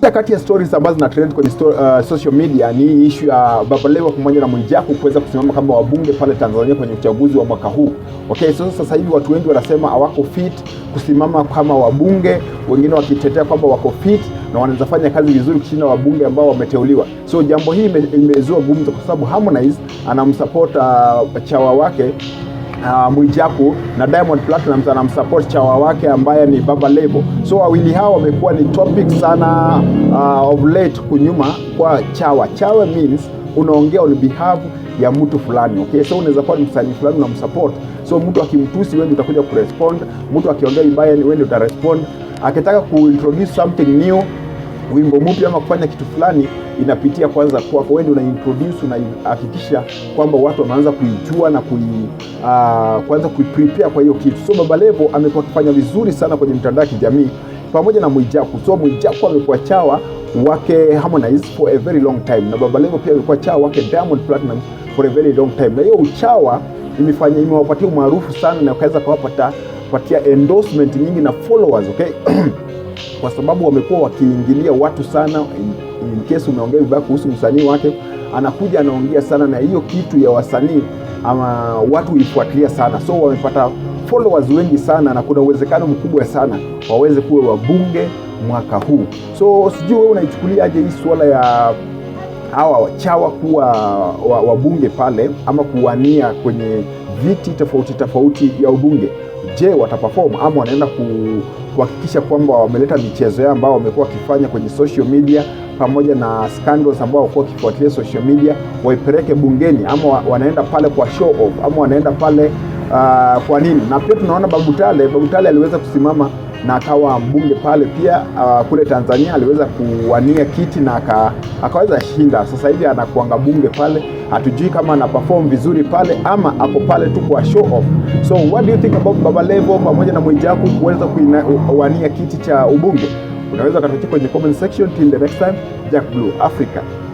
Kati ya stories ambazo zina trend kwenye story, uh, social media ni ishu ya uh, Baba Levo pamoja na Mwijaku kuweza kusimama kama wabunge pale Tanzania kwenye uchaguzi wa mwaka huu. Okay, so sasa hivi watu wengi wanasema hawako fit kusimama kama wabunge, wengine wakitetea kwamba wako fit na wanaweza fanya kazi vizuri kushinda wabunge ambao wameteuliwa. So jambo hili imezua gumzo kwa sababu Harmonize anamsupport uh, chawa wake uh, Mwijaku na Diamond Platnumz anamsupport chawa wake ambaye ni Baba Levo. So wawili hao wamekuwa ni topic sana uh, of late kunyuma kwa chawa. Chawa means unaongea on behalf ya mtu fulani okay. So unaweza kuwa msanii fulani msupport. so mtu akimtusi wewe utakuja kurespond, mtu akiongea vibaya wewe utarespond, akitaka kuintroduce something new wimbo mpya ama kufanya kitu fulani, inapitia kwanza kwako wewe, una introduce unahakikisha kwamba watu wameanza kuijua na kui, uh, kuanza kuiprepare kwa hiyo kitu. So Baba Levo amekuwa akifanya vizuri sana kwenye mitandao ya kijamii pamoja na Mwijaku. So Mwijaku amekuwa chawa wake Harmonize for a very long time, na Baba Levo pia amekuwa chawa wake Diamond Platinum for a very long time, na hiyo uchawa imefanya imewapatia umaarufu sana na wakaweza kuwapatia endorsement nyingi na followers okay kwa sababu wamekuwa wakiingilia watu sana. mkesi umeongea vibaya kuhusu msanii wake, anakuja anaongea sana, na hiyo kitu ya wasanii ama watu huifuatilia sana, so wamepata followers wengi sana, na kuna uwezekano mkubwa sana waweze kuwa wabunge mwaka huu. So sijui wewe unaichukuliaje hii suala ya hawa wachawa kuwa wabunge pale ama kuwania kwenye viti tofauti tofauti ya ubunge je, wataperform ama wanaenda kuhakikisha kwamba wameleta michezo yao ambao wamekuwa wakifanya kwenye social media pamoja na scandals ambao walikuwa wakifuatilia social media, waipeleke bungeni ama wanaenda pale kwa show off ama wanaenda pale uh, kwa nini? Na pia tunaona babutale babutale aliweza kusimama na akawa mbunge pale pia uh, kule Tanzania aliweza kuwania kiti na aka, akaweza shinda. Sasa hivi anakuanga bunge pale, hatujui kama ana perform vizuri pale ama ako pale tu kwa show off. So what do you think about Baba Levo pamoja na Mwijaku kuweza kuwania kiti cha ubunge? Unaweza katuachia kwenye comment section. Till the next time, Jack Blue Africa.